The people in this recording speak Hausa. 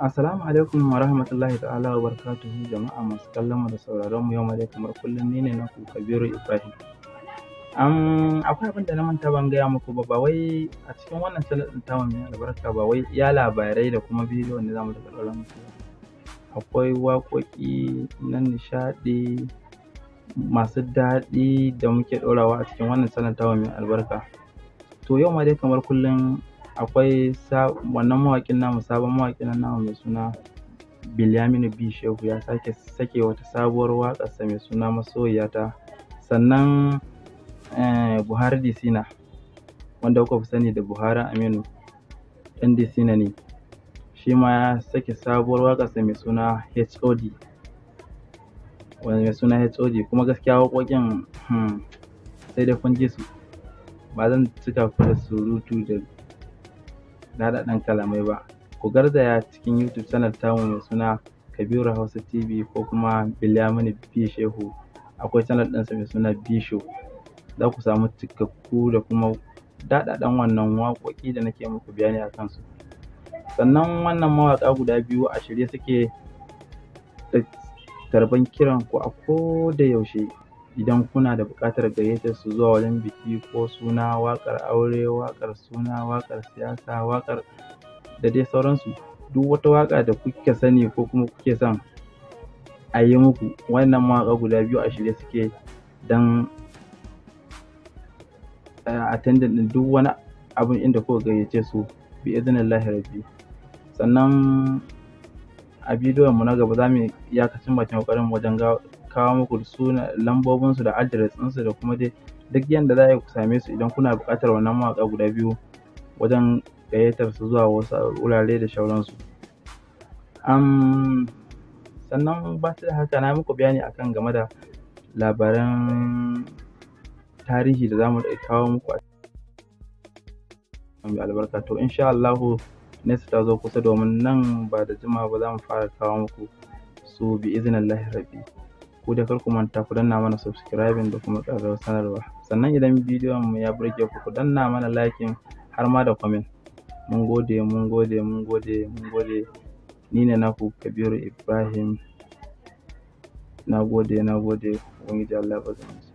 Assalamu alaikum wa rahmatullahi ta'ala wa barakatuhu jama'a masu kallon mu da sauraron mu yau ma dai kamar kullum ne ne ku Kabiru Ibrahim. Um, akwai abin da na manta ban gaya muku ba wai a cikin wannan salatin tawa mai albarka ba wai ya labarai da kuma bidiyo za zamu da ɗaura mu. Akwai waƙoƙi na nishaɗi masu daɗi da muke ɗorawa a cikin wannan salatin tawa mai albarka. To yau ma dai kamar kullum akwai wannan mawaƙin namu sabon mawaƙin nan namu mai suna Bilyaminu B Shehu ya sake sake wata sabuwar waƙarsa mai suna masoyiyata sannan eh, Buhari Disina wanda kuka fi sani da Buhari Aminu ɗan Disina ne shi ma ya sake sabuwar waƙarsa mai suna HOD wanda mai suna HOD kuma gaskiya waƙoƙin hmm, sai dai kun ji su ba zan cika ku da surutu da na da kalamai ba ku garzaya cikin youtube channel tamu mai suna kabiru hausa tv ko kuma bilyamini b shehu akwai channel ɗinsa mai suna b show za ku samu cikakku da kuma daɗaɗan wannan waƙoƙi da nake muku bayani a kansu sannan wannan mawaƙa guda biyu a shirye suke da tarban kiran ku a ko da yaushe idan kuna da buƙatar gayyatar su zuwa wajen biki ko suna waƙar aure waƙar suna waƙar siyasa waƙar da dai sauransu duk wata waƙa da kuka sani ko kuma kuke son a yi muku wannan mawaƙa guda biyu a shirye suke don eh, attendant ɗin duk wani abin inda kuka gayyace su bi iznillahi rabbi sannan a bidiyon mu na gaba za mu iyakacin bakin ƙoƙarin wajen kawo muku suna lambobin su da address su da kuma dai duk yanda za ku same su idan kuna buƙatar wannan mawaka guda biyu wajen gayyatar su zuwa wasu wurare da sauransu um, sannan ba da haka na muku bayani akan game da labaran tarihi da zamu kawo muku a mai albarka to insha Allahu nesa ta zo kusa domin nan ba da jimawa ba za mu fara kawo muku su bi izinin rabbi ku da karku manta ku danna mana subscribing da kuma ƙararrawar sanarwa sannan idan bidiyon mu ya burge ku ku danna mana liking har ma da comment mun gode mun gode mun gode mun gode ni ne naku kabiru ibrahim na gode na gode ubangiji allah ya